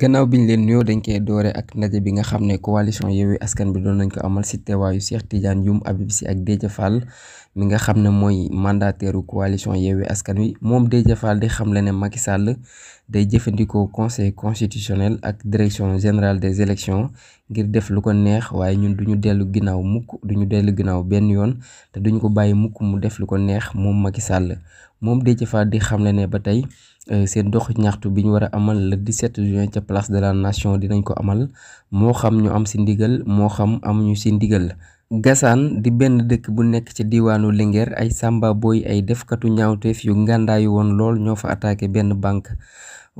gannaaw bi ñu leen nuyoo dañ koy doore ak ndaje bi nga xam ne coalition Yewwi Askan bi doon nañ ko amal ci teewaayu Cheikh Tidiane Youm Habib Sy ak Déthié Fall mi nga xam ne mooy mandataire coalition Yewwi Askan Wi moom Déthié Fall di xam la ne Macky Sall day jëfandikoo conseil constitutionnel ak direction général des élections ngir def lu ko neex waaye ñun du ñu dellu ginnaaw mukk du ñu dellu ginnaaw benn yoon te duñu ko bàyyi mukk mu def lu ko neex moom Macky Sall moom Déthié Fall di xamle ne ba tey euh, seen dox ñaxtu bi ñu war a amal le 17 juin ca place de la nation dinañ ko amal moo xam ñu am si ndigal moo xam amuñu si ndigal. Gassane di benn dëkk bu nekk ci diwaanu Linguère ay samba booy ay defkatu ñaawteef yu ngàndaayu woon lool ñoo fa attaqué benn banque.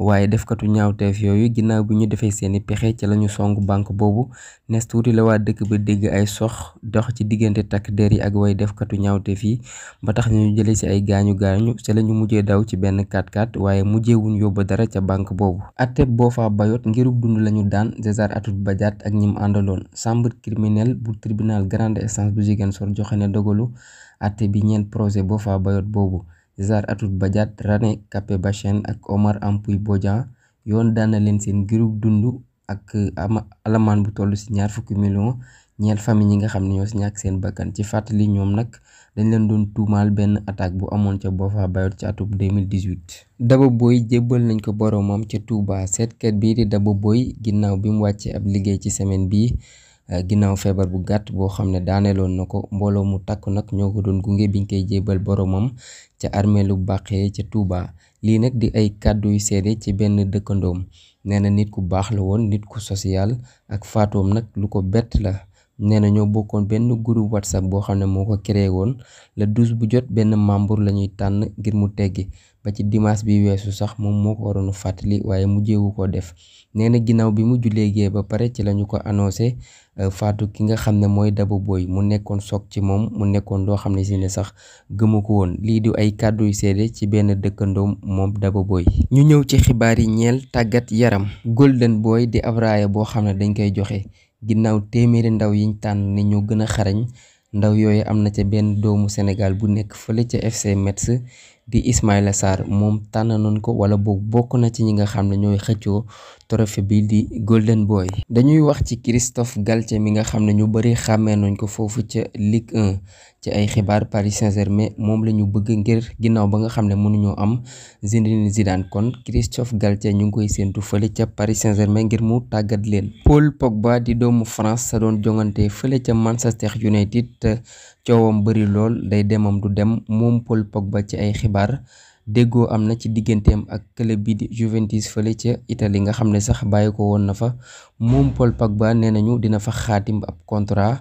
waaye defkatu ñaawteef yooyu ginnaaw bi ñu defee seeni pexe ci lañu song banque boobu nes tuuti la waa dëkk ba dégg ay sox dox ci diggante takk der yi ak way defkatu ñaawteef yi ba tax ñu jëlee ci ay gaañu gaañu ci lañu mujjee daw ci benn 4x4 waaye mujjeewuñ yóbbu dara ca banque boobu atte fa Bayotte ngir dund lañu daan César Atoute Badiate ak ñim àndaloon chambre criminelle bu tribunal grande instance bu Ziguinchor joxe ne dogalu atte bi ñeent projet Boffa Bayotte boobu César Atoute Badiate René Cappé Bachène ak Omar Ampuy Bodian yoon daan leen seen girub dund ak alamaan bu tollu ci ñaar fukki million ñeel famille yi nga xam ne ñoo ci ñàkk seen bakkan ci fàttali ñoom nag dañ leen doon tuumaal benn attaque bu amoon ca Boffa Bayotte ci atum 2018. Daba Boy jébbal nañ ko boromam ca Touba seetkat bii di Daba booy ginnaaw bi mu wàccee ab liggéey ci semaine bii. Euh, ginnaaw feebar bu gàtt boo xam ne daaneeloon na ko mbooloo mu takku nag ñoo ko doon gunge biñ koy jéebal boroomam ca armeelu Bàqee ca tuubaa lii nag di ay kàddu yu seede ci benn dëkkandoom nee na nit ku baax la woon nit ku social ak faatoom nag lu ko bett la. nee na ñoo bokkoon benn groupe whatsapp boo xam ne moo ko créé woon le douze bu jot benn membre la ñuy tànn ngir mu teggi ba ci dimanche bi weesu sax moom moo ko waroon fàttali waaye mujjeewu koo def nee na ginnaaw bi mu jullee gee ba pare ci la ñu ko annoncé euh, faatu ki nga xam ne mooy Daba Boye mu nekkoon soog ci moom mu nekkoon loo xam ne si ne sax gëmu ko woon lii di ay kàddu yu seede ci benn dëkkandoom moom Daba Boye ñu ñëw ci xibaar yi ñeel tàggat yaram Golden Boy di ab boo xam ne dañ koy joxe ginnaaw téeméeri ndaw yiñ tànn ne ñoo gën a xarañ ndaw yooyu am na ca benn doomu Sénégal bu nekk fële ca FC Metz di Ismaïla Sarr moom tànn nañ ko wala boog bokk na ci ñi nga xam ne ñooy xëccoo trophée bi di Golden booy dañuy wax ci Christophe Galtier mi nga xam ne ñu bëri xàmmee nañ ko foofu ca Ligue 1 ci ay xibaar Paris Saint-Germain moom la ñu bëgg ngir ginnaaw ba nga xam ne mënuñoo am Zinedine Zidane kon Christophe Galtier ñu ngi koy séentu fële ca Paris Saint-Germain ngir mu tàggat leen. Paul Pogba di doomu France sa doon jongante fële ca Manchester United. coowam bëri lool day demam du dem moom pol Paul ba ci ay xibaar déggoo am na ci digganteem ak club bi di Juventus fële ca Italie nga xam ne sax bàyyi ko woon na fa moom Paul Pogba nee nañu dina fa xaatim ab contrat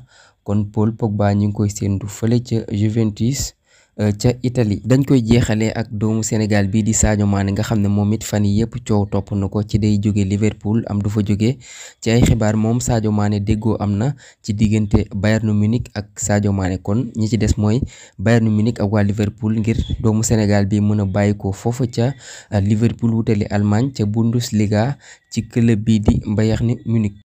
kon Paul Pogba ñu ngi koy séentu fële ca Juventus. Euh, ca Italie dañ koy jeexale ak doomu Sénégal bii di Sadio maane nga xam ne moom it fan yi yëpp coow topp na ko ci day jóge Liverpool am du fa jóge ci ay xibaar moom Sadio maane déggoo am na ci diggante Bayern Munich ak Sadio maane kon ñi ci des mooy Bayern Munich ak waa Liverpool ngir doomu Sénégal bi mën a bàyyi ko foofu ca euh, Liverpool wutali Allemagne ca Bundesliga ci club bii di Bayern Munich